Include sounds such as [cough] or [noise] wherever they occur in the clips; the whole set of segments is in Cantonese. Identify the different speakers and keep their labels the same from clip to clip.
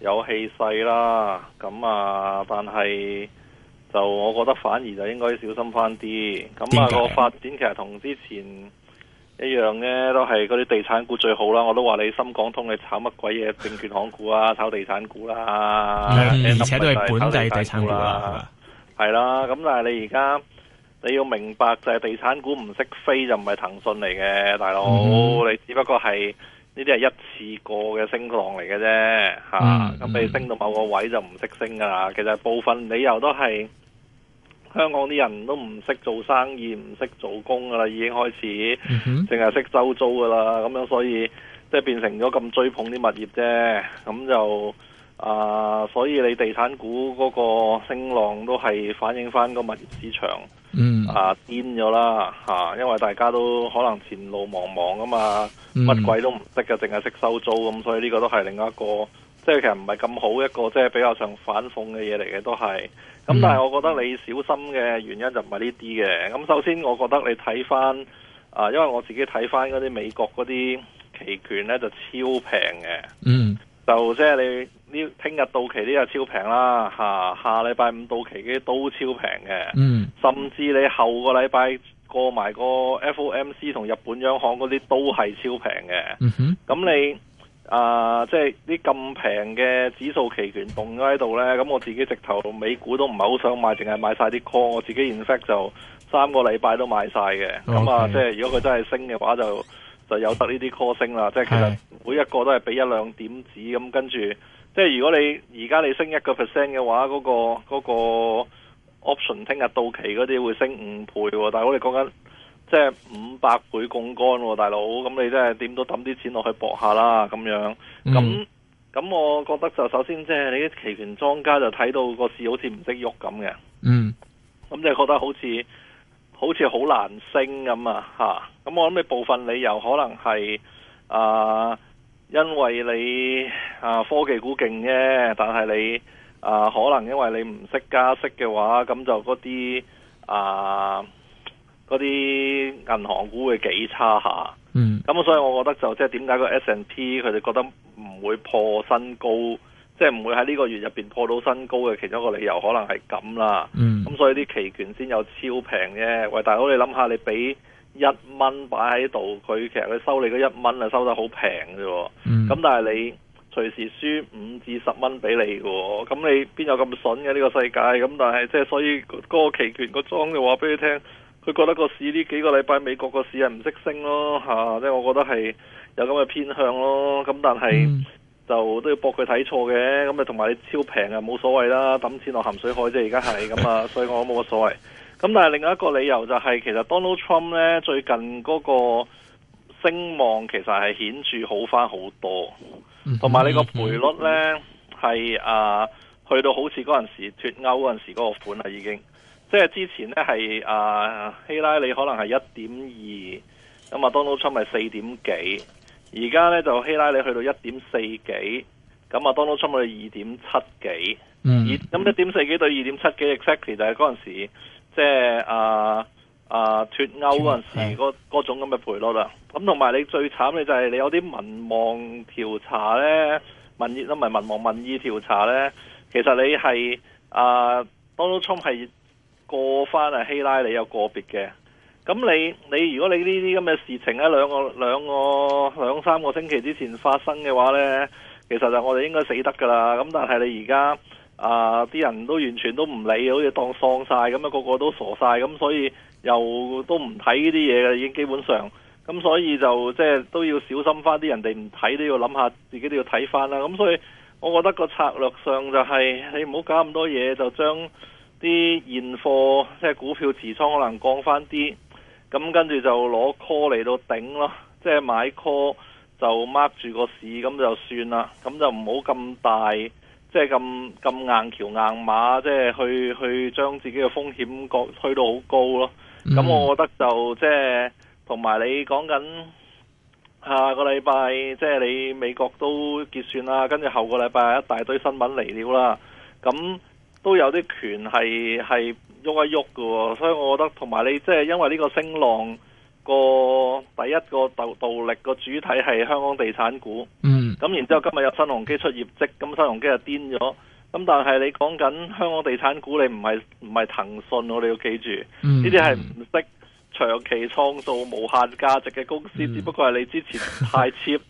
Speaker 1: 有氣勢啦，咁啊，但係就我覺得反而就應該小心翻啲，咁啊個發展其實同之前一樣呢都係嗰啲地產股最好啦。我都話你深港通你炒乜鬼嘢，證券行股啊，炒地產股啦，嗯、而且都係本地地產股啦。係啦，咁但係你而家你要明白就係地產股唔識飛就唔係騰訊嚟嘅，大佬、嗯，你只不過係。呢啲係一次過嘅升浪嚟嘅啫，嚇、嗯、咁、啊、你升到某個位置就唔識升噶啦、嗯。其實部分理由都係香港啲人都唔識做生意，唔識做工噶啦，已經開始，淨係識收租噶啦。咁樣所以即係、就是、變成咗咁追捧啲物業啫。咁就啊，所以你地產股嗰個升浪都係反映返個物業市場。嗯啊，癲咗啦吓，因為大家都可能前路茫茫啊嘛，乜、嗯、鬼都唔識嘅，淨係識收租咁，所以呢個都係另一個即係、就是、其實唔係咁好一個即係比較上反諷嘅嘢，嚟嘅都係。
Speaker 2: 咁但係我
Speaker 1: 覺得你小心嘅原因就唔係呢啲嘅。咁、嗯、首先，我覺得你睇翻啊，因為我自己睇翻嗰啲美國嗰啲期權呢，就超平嘅，
Speaker 2: 嗯，
Speaker 1: 就即係你。聽日到期呢就超平啦，下下禮拜五到期啲都超平嘅、嗯，甚至你後個禮拜過埋個 FOMC 同日本央行嗰啲都係超平嘅。咁、嗯、你即係啲咁平嘅指數期權動咗喺度呢？咁我自己直頭美股都唔係好想買，淨係買晒啲 call。我自己 in fact 就三個禮拜都買晒嘅。咁、okay. 啊，即、就、係、是、如果佢真係升嘅話就，就就有得呢啲 call 升啦。即、就、係、是、其實每一個都係俾一兩點子。咁，跟住。即係如果你而家你升一個 percent 嘅話，嗰個嗰個 option 聽日到期嗰啲會升五倍喎，但係我哋講緊即係五百倍槓桿喎，大佬，咁你真係點都抌啲錢落去搏下啦咁樣。咁、嗯、咁，我覺得就首先即係你啲期權莊家就睇到個市好似唔識喐咁嘅。嗯。咁就覺得好似好似好難升咁啊嚇。咁我諗你部分理由可能係啊。因為你啊科技股勁啫，但係你啊可能因為你唔識加息嘅話，咁就嗰啲啊嗰啲銀行股會幾差下。嗯。咁所以我覺得就即係點解個 S&P 佢哋覺得唔會破新高，即係唔會喺呢個月入邊破到新高嘅其中一個理由可能係咁啦。嗯。咁所以啲期權先有超平啫。喂，大佬你諗下，你俾。一蚊擺喺度，佢其實佢收你嗰一蚊啊，收得好平啫。咁、嗯、但係你隨時輸五至十蚊俾你喎。咁你邊有咁筍嘅呢個世界？咁但係即係所以個期權個莊嘅話俾你聽，佢覺得個市呢幾個禮拜美國個市係唔識升咯嚇。即係我覺得係有咁嘅偏向咯。咁但係、嗯、就都要搏佢睇錯嘅。咁啊同埋你超平啊冇所謂啦，抌錢落鹹水海啫。而家係咁啊，所以我都冇乜所謂。 [laughs] 咁、嗯、但係另外一個理由就係、是，其實 Donald Trump 咧，最近嗰個聲望其實係顯著好翻好多，同埋你個賠率咧係、嗯啊、去到好似嗰陣時脫歐嗰陣時嗰個款啦，已經即係之前咧係、啊、希拉里可能係一點二，咁啊 Donald Trump 係四點幾，而家咧就希拉里去到一點四幾，咁啊 Donald Trump 去二點七幾，
Speaker 2: 咁
Speaker 1: 一點四幾對二點七幾，exactly 就係嗰陣時。即係啊啊脫歐嗰陣時，個種咁嘅賠率啦。咁同埋你最慘，你就係你有啲民望調查咧，民意都唔係民望民意調查咧。其實你係啊 Donald Trump 係過翻啊希拉里有個別嘅。咁你你如果你呢啲咁嘅事情喺兩個兩個兩三個星期之前發生嘅話咧，其實就我哋應該死得㗎啦。咁但係你而家。啊！啲人都完全都唔理，好似當喪晒咁啊，個個都傻晒咁，所以又都唔睇呢啲嘢嘅，已經基本上咁，所以就即係都要小心翻啲人哋唔睇都要諗下，自己都要睇翻啦。咁所以我覺得個策略上就係你唔好搞咁多嘢，就將啲現貨即係股票持倉可能降翻啲，咁跟住就攞 call 嚟到頂咯，即係買 call 就 mark 住個市咁就算啦，咁就唔好咁大。即係咁咁硬橋硬馬，即係去去將自己嘅風險角推到好高咯。咁、嗯、我覺得就即係同埋你講緊下個禮拜，即係你美國都結算啦，跟住後個禮拜一大堆新聞嚟了啦。咁都有啲權係係喐一喐嘅喎，所以我覺得同埋你即係，因為呢個升浪個第一個動動力個主體係香港地產股。嗯咁然之後今日有新鴻基出業績，咁新鴻基就癲咗。咁但係你講緊香港地產股騰訊，你唔係唔係騰訊，我哋要記住，呢啲係唔識長期創造無限價值嘅公司、嗯，只不過係你之前太 cheap，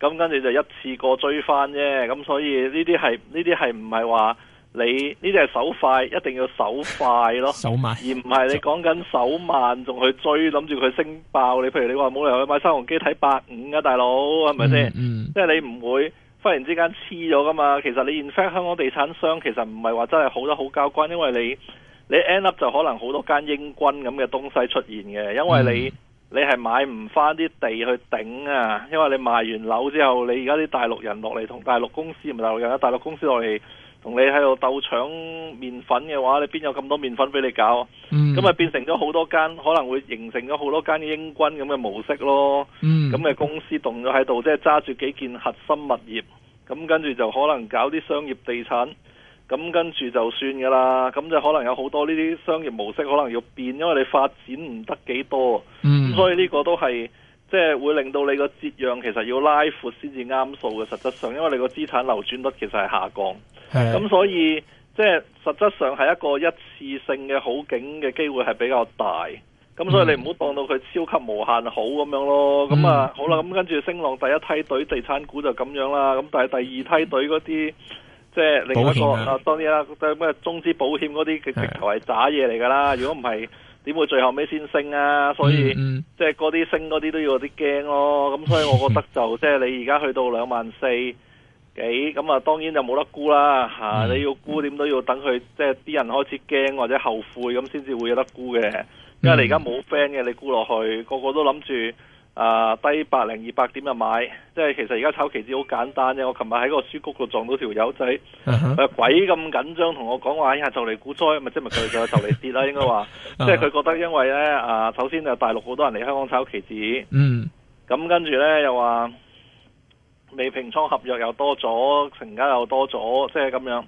Speaker 1: 咁跟住就一次過追翻啫。咁所以呢啲係呢啲係唔係話？你呢只係手快，一定要手快咯，手慢，而唔係你講緊手慢，仲去追諗住佢升爆你。你譬如你話冇理由去買三雄機睇八五㗎大佬，係咪先？嗯，即係你唔會忽然之間黐咗噶嘛。其實你 in fact 香港地產商，其實唔係話真係好得好交關，因為你你 end up 就可能好多間英軍咁嘅東西出現嘅，因為你、嗯、你係買唔翻啲地去頂啊，因為你賣完樓之後，你而家啲大陸人落嚟同大陸公司，唔係大陸人啊，大陸公司落嚟。同你喺度鬥搶麵粉嘅話，你邊有咁多麵粉俾你搞？
Speaker 2: 咁、嗯、咪變
Speaker 1: 成咗好多間，可能會形成咗好多間嘅英軍咁嘅模式咯。
Speaker 2: 咁、嗯、嘅
Speaker 1: 公司動咗喺度，即係揸住幾件核心物業，咁跟住就可能搞啲商業地產，咁跟住就算㗎喇。咁就可能有好多呢啲商業模式可能要變，因為你發展唔得幾多，咁、嗯、所以呢個都係。即係會令到你個折讓其實要拉闊先至啱數嘅，實質上，因為你個資產流轉率其實係下降，咁所以即係實質上係一個一次性嘅好景嘅機會係比較大，咁、嗯、所以你唔好當到佢超級無限好咁樣咯，咁、嗯、啊、嗯、好啦，咁跟住升浪第一梯隊地產股就咁樣啦，咁但係第二梯隊嗰啲即係另外一個、啊啊、當然啦，咩中資保險嗰啲嘅直頭係渣嘢嚟噶啦，如果唔係。點會最後尾先升啊！所以、嗯嗯、即係嗰啲升嗰啲都要有啲驚咯。咁所以我覺得就、嗯、即係你而家去到兩萬四幾，咁啊當然就冇得估啦吓、嗯。你要估點都要等佢即係啲人開始驚或者後悔咁，先至會有得估嘅。因為你而家冇 friend 嘅，你估落去個個都諗住。啊、呃，低百零二百點就買，即係其實而家炒期指好簡單啫。我琴日喺個書局度撞到條友仔，鬼咁緊張，同我講話，依家就嚟股災，咪即係咪佢就嚟跌啦？ [laughs] 應該話。
Speaker 2: 即係佢覺
Speaker 1: 得因為呢，啊、首先大陸好多人嚟香港炒期指，
Speaker 2: 嗯，
Speaker 1: 咁跟住呢，又話未平倉合約又多咗，成交又多咗，即係咁樣。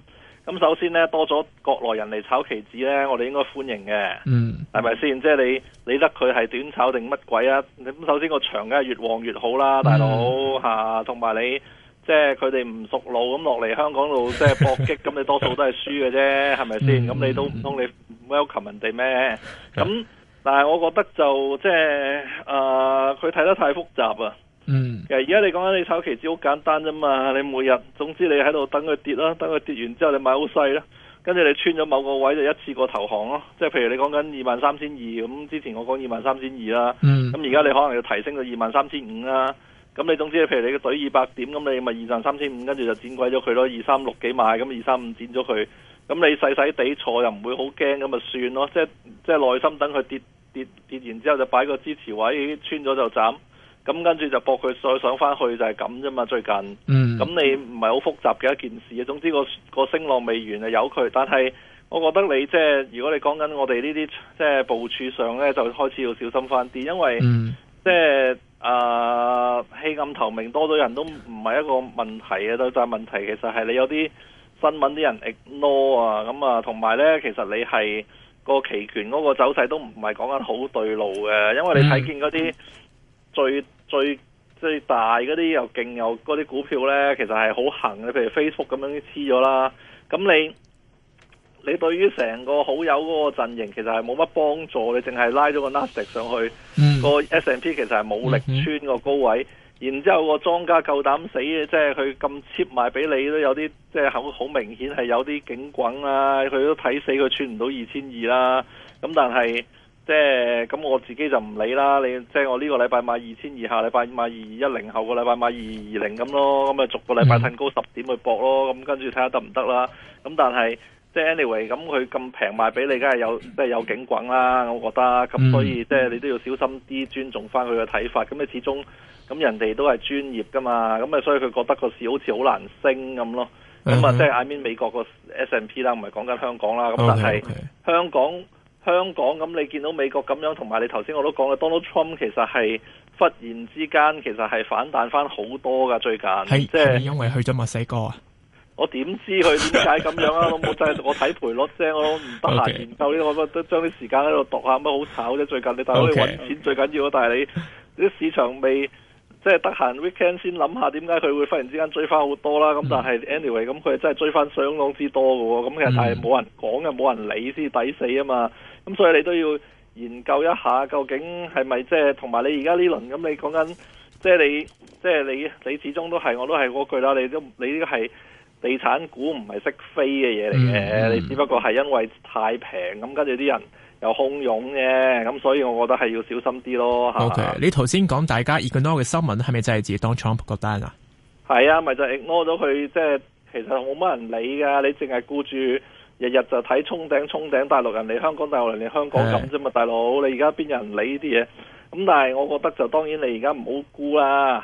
Speaker 1: 咁首先呢，多咗國內人嚟炒期指呢，我哋應該歡迎嘅，嗯、mm.。係咪先？即係你，你理得佢係短炒定乜鬼啊？首先個場梗係越旺越好啦，大佬吓。同、嗯、埋、啊、你即係佢哋唔熟路咁落嚟香港度即係搏擊，咁 [laughs] 你多數都係輸嘅啫，係咪先？咁、嗯嗯、你都唔通、嗯、你 welcome 人哋咩？咁、嗯、但係我覺得就即係誒，佢、呃、睇得太複雜啊。嗯。而家你講緊你炒期指好簡單啫嘛，你每日總之你喺度等佢跌啦，等佢跌完之後你買好細啦。跟住你穿咗某個位就一次過投降咯，即係譬如你講緊二萬三千二咁，之前我講二萬三千二啦，咁而家你可能要提升到二萬三千五啦，咁你總之譬如你個隊二百點，咁你咪二萬三千五，跟住就剪鬼咗佢咯，二三六幾買，咁二三五剪咗佢，咁你細細地坐又唔會好驚，咁咪算咯，即係即係耐心等佢跌跌跌完之後就擺個支持位穿咗就斬。咁跟住就搏佢再上返去就係咁啫嘛最近，咁、嗯、你唔係好複雜嘅一件事，總之個個升浪未完啊，由佢。但係我覺得你即係如果你講緊我哋呢啲即係部署上咧，就開始要小心返啲，因為、嗯、即係啊，棄、呃、暗投明多咗人都唔係一個問題啊，但係問題其實係你有啲新聞啲人 ignore 啊，咁啊，同埋咧，其實你係個期權嗰個走勢都唔係講緊好對路嘅，因為你睇見嗰啲。嗯嗯最最最大嗰啲又勁又嗰啲股票呢，其實係好行嘅。譬如 Facebook 咁樣黐咗啦，咁你你對於成個好友嗰個陣營，其實係冇乜幫助。你淨係拉咗個 Nasdaq 上去，個、嗯、S&P 其實係冇力、嗯嗯、穿個高位。然之後個莊家夠膽死嘅，即係佢咁 cheap 賣俾你都有啲，即係好好明顯係有啲警滾啦。佢都睇死佢穿唔到二千二啦。咁但係。即係咁，我自己就唔理啦。你即係我呢個禮拜買二千二，下禮拜買二一零，後個禮拜買二二零咁咯。咁啊，就逐個禮拜褪高十點去搏咯。咁跟住睇下得唔得啦。咁但係即係 anyway，咁佢咁平賣俾你，梗係有即係有景轟啦。我覺得咁，所以即係你都要小心啲，尊重翻佢嘅睇法。咁你始終咁人哋都係專業㗎嘛。咁啊，所以佢覺得個市好似好難升咁咯。
Speaker 2: 咁、uh、uh-huh，即係
Speaker 1: I mean 美國個 S&P 啦，唔係講緊香港啦。咁但係、okay, okay. 香港。香港咁，你見到美國咁樣，同埋你頭先我都講嘅 Donald Trump 其實係忽然之間其實係反彈翻好多㗎最近，係即係因
Speaker 3: 為去咗墨西哥啊！
Speaker 1: 我點知佢點解咁樣啊？ [laughs] 我真係我睇賠率啫，我唔得閒研究呢，okay. 我將啲時間喺度讀下，咁好炒啫。最近你大佬你揾錢最緊要，但係你啲、okay. [laughs] 市場未即係得閒 weekend 先諗下點解佢會忽然之間追翻好多啦。咁、嗯、但係 anyway 咁佢真係追翻相當之多㗎喎。咁、嗯、其實但係冇人講嘅，冇人理先抵死啊嘛～咁所以你都要研究一下，究竟係咪即係同埋你而家呢輪咁，你講緊即係你，即係你，你始終都係我都係嗰句啦。你都你呢個係地產股，唔係識飛嘅嘢嚟嘅。你只不過係因為太平咁，跟住啲人又洶湧嘅，咁所以我覺得係要小心啲咯。OK，你
Speaker 3: 頭先講大家 ignore 嘅新聞，係咪真係自己當 Trump 個單啊？
Speaker 1: 係啊，咪就係 ignore 咗佢，即係其實冇乜人理噶，你淨係顧住。日日就睇沖頂沖頂，大陸人嚟香港，大陸人嚟香港咁啫嘛，大佬你而家邊有人理呢啲嘢？咁但係我覺得就當然你而家唔好沽啦，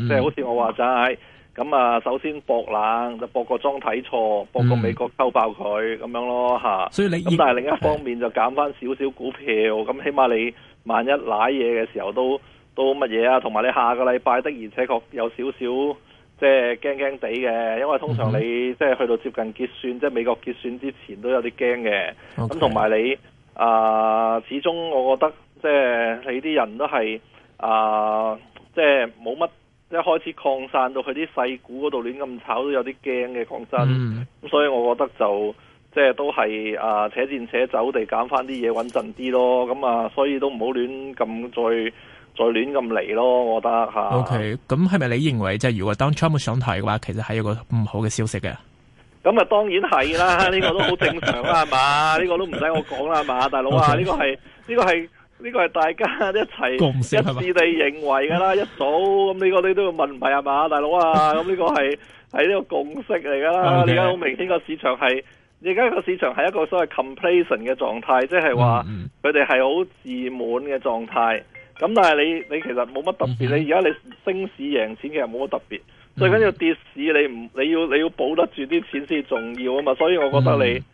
Speaker 1: 即係好似我話齋，咁啊首先博冷，就博個莊睇錯、嗯，博個美國收爆佢咁樣咯，咁、啊、但係另一方面就減翻少少股票，咁、嗯啊、起碼你萬一瀨嘢嘅時候都都乜嘢啊？同埋你下個禮拜的而且確有少少，即係驚驚地嘅，因為通常你即係、嗯、去到接近結算，即係美國結算之前都有啲驚嘅。
Speaker 2: 咁同埋
Speaker 1: 你啊、呃，始終我覺得即係你啲人都係啊、呃，即係冇乜一開始擴散到去啲細股嗰度亂咁炒，都有啲驚嘅。講真，咁、嗯、所以我覺得就即係都係啊，且、呃、戰且走地揀翻啲嘢穩陣啲咯。咁啊，所以都唔好亂咁再。再亂咁嚟咯，我覺得 O K，
Speaker 3: 咁係咪你認為即係、就是、如果當 a Trump 上台嘅話，其實係一個唔好嘅消息嘅？
Speaker 1: 咁啊，當然係啦，呢、這個都好正常啊嘛。呢 [laughs] [laughs] 個都唔使我講啦嘛，大佬啊，呢、okay. 個係呢、這個係呢、這個係大家一齊共識一致地認為㗎啦。一早咁呢個你都要問唔係啊嘛，大佬啊，咁 [laughs] 呢個係係呢個共識嚟噶啦。而家好明顯個市場係，而家個市場係一個所謂 complacent 嘅狀態，即係話佢哋係好自滿嘅狀態。咁但係你你其實冇乜特別，你而家你升市贏錢其實冇乜特別，最緊要跌市你唔你要你要保得住啲錢先重要啊嘛，所以我覺得你、嗯、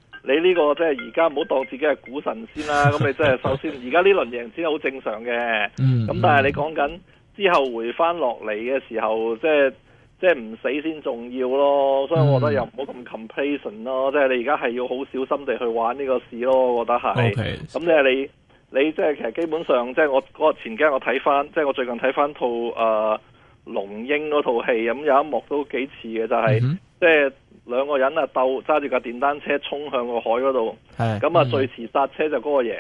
Speaker 1: 你呢個即係而家唔好當自己係股神先啦，咁 [laughs] 你即係首先而家呢輪贏錢好正常嘅，咁、嗯、但係你講緊之後回翻落嚟嘅時候，即係即係唔死先重要咯，所以我覺得又唔好咁 complacent 咯，即係你而家係要好小心地去玩呢個市咯，我覺得係，咁即係你。你即係其實基本上即係、就是、我個前幾日我睇翻，即、就、係、是、我最近睇翻套誒龍鷹嗰套戲，咁有一幕都幾似嘅，就係即係兩個人啊鬥揸住架電單車衝向個海嗰度，
Speaker 2: 咁、嗯、啊最
Speaker 1: 遲剎車就嗰個贏。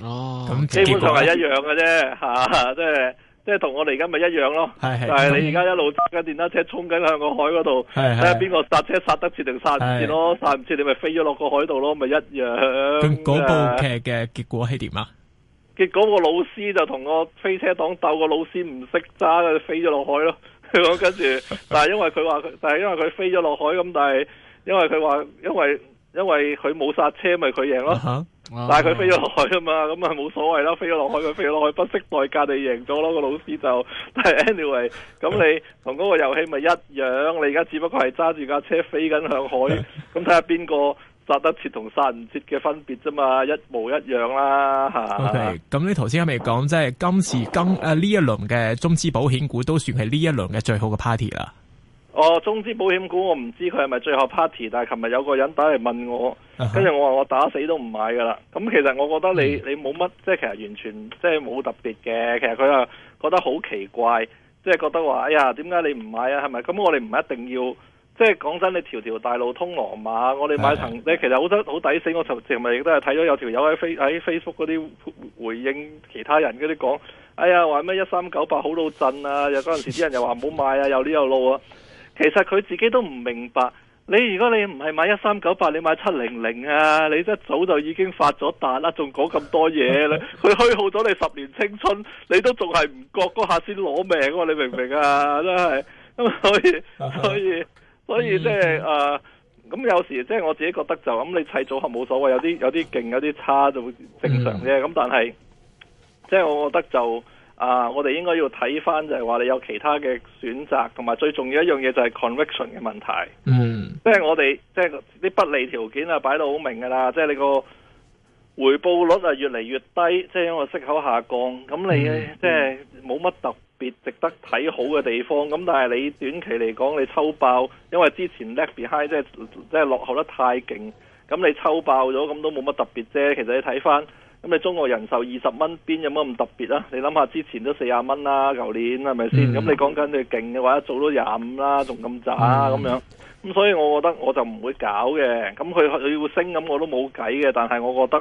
Speaker 2: 哦，咁基本上係一
Speaker 1: 樣嘅啫，吓，即係。就是即係同我哋而家咪一樣咯，係係但係你而家一路揸緊電單車衝緊向個海嗰度，睇下邊個剎車剎得切定剎唔切咯，剎唔切你咪飛咗落個海度咯，咪一樣。咁嗰部劇
Speaker 3: 嘅結果係點啊？
Speaker 1: 結果個老師就同個飛車黨鬥，個老師唔識揸，佢飛咗落海咯。咁跟住， [laughs] [laughs] 但係因為佢話，但係因為佢飛咗落海，咁但係因為佢話，因為因為佢冇剎車，咪佢贏咯。
Speaker 2: Uh -huh. 但係佢飛咗落
Speaker 1: 去啊嘛，咁啊冇所謂啦，飛咗落去佢飛咗落去，不惜代價地贏咗咯。個老師就但係 anyway，咁你同嗰個遊戲咪一樣，你而家只不過係揸住架車飛緊向海，咁睇下邊個殺得切同殺唔切嘅分別啫嘛，一模一樣啦吓。
Speaker 3: OK，咁你頭先係咪講即係今次今誒呢一輪嘅中資保險股都算係呢一輪嘅最好嘅 party 啦。
Speaker 1: 哦，中資保險股我唔知佢係咪最後 party，但係琴日有個人打嚟問我，
Speaker 2: 跟、uh、住
Speaker 1: -huh. 我話我打死都唔買噶啦。咁其實我覺得你你冇乜，即係其實完全即係冇特別嘅。其實佢又覺得好奇怪，即係覺得話哎呀點解你唔買啊？係咪咁我哋唔一定要即係講真，你條條大路通羅馬。我哋買層。你、uh -huh. 其實好得好抵死。我尋尋日亦都係睇咗有條友喺喺 Facebook 嗰啲回應其他人嗰啲講，哎呀話咩一三九八好到震啊！又嗰陣時啲人又話唔好買啊，又呢又路啊。其實佢自己都唔明白，你如果你唔係買一三九八，你買七零零啊，你一早就已經發咗達啦，仲講咁多嘢咧，佢虛耗咗你十年青春，你都仲係唔覺嗰下先攞命、啊，你明唔明啊？真係，所以所以所以即係誒，咁、 [laughs] 呃、有時即係、就是、我自己覺得就咁，你砌組，組合冇所謂，有啲有啲勁，有啲差就會
Speaker 2: 正常啫。咁、嗯、
Speaker 1: 但係，即、就、係、是、我覺得就。啊！我哋應該要睇翻就係話你有其他嘅選擇，同埋最重要的一樣嘢就係 conviction 嘅問題。
Speaker 2: 嗯，即
Speaker 1: 係我哋即係啲不利條件啊，擺到好明㗎啦。即係你個回報率啊，越嚟越低，即係因為息口下降。咁你即係冇乜特別值得睇好嘅地方。咁但係你短期嚟講，你抽爆，因為之前 left behind 即係即係落後得太勁。咁你抽爆咗，咁都冇乜特別啫。其實你睇翻。咁你中國人壽二十蚊邊有乜咁特別啊？你諗下之前都四廿蚊啦，舊年係咪先？咁、mm -hmm. 你講緊你勁嘅話，做都廿五啦，仲咁渣咁樣。咁所以我覺得我就唔會搞嘅。咁佢佢要升，咁我都冇計嘅。但係我覺得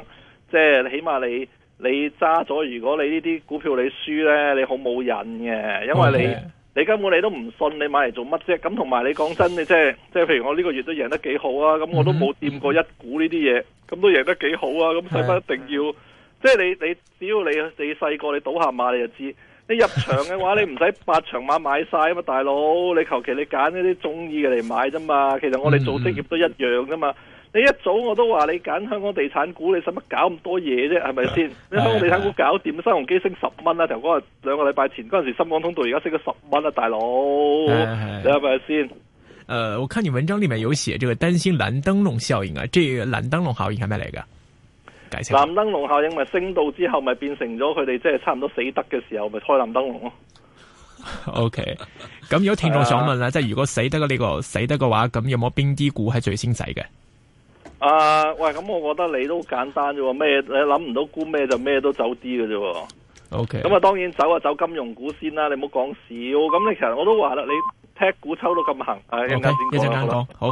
Speaker 1: 即係、就是、起碼你你揸咗，如果你呢啲股票你輸呢，你好冇癮嘅，因為你、mm -hmm. 你根本你都唔信你買嚟做乜啫。咁同埋你講真，你即係即係譬如我呢個月都贏得幾好啊。咁我都冇掂過一股呢啲嘢，咁、mm -hmm. 都贏得幾好啊。咁使乜一定要？、mm-hmm. 即係你你，只要你你細個你賭下馬你就知。你入場嘅話，你唔使八場馬買晒啊嘛，大佬。你求其你揀一啲中意嘅嚟買啫嘛。其實我哋做職業都一樣噶嘛、嗯。你一早我都話你揀香港地產股，你使乜搞咁多嘢啫？係咪先？
Speaker 2: 你香港地產股
Speaker 1: 搞掂，新鴻基升十蚊啦。頭嗰個兩個禮拜前嗰陣時深港通道而家升咗十蚊啦，大佬。你係咪先？誒、
Speaker 3: 呃，我看你文章裏面有寫，這個擔心藍燈籠效應啊。這個藍燈籠效應係咩嚟噶？這個藍
Speaker 1: 燈籠效應咪升到之後咪變成咗佢哋即係差唔多死得嘅時候咪開藍燈籠咯。
Speaker 3: O K，咁有聽眾想問啦，uh, 即係如果死得嘅呢、這個死得嘅話，咁有冇邊啲股係最先死嘅？
Speaker 1: 啊、uh, 喂，咁我覺得你都簡單啫，咩你諗唔到估咩就咩都走啲嘅啫。
Speaker 2: O K，咁啊，
Speaker 1: 當然走啊走金融股先啦，你唔好講笑。咁你其實我都話啦，你踢股抽到咁行，
Speaker 3: 一
Speaker 2: 陣間
Speaker 1: 先
Speaker 3: 講，好。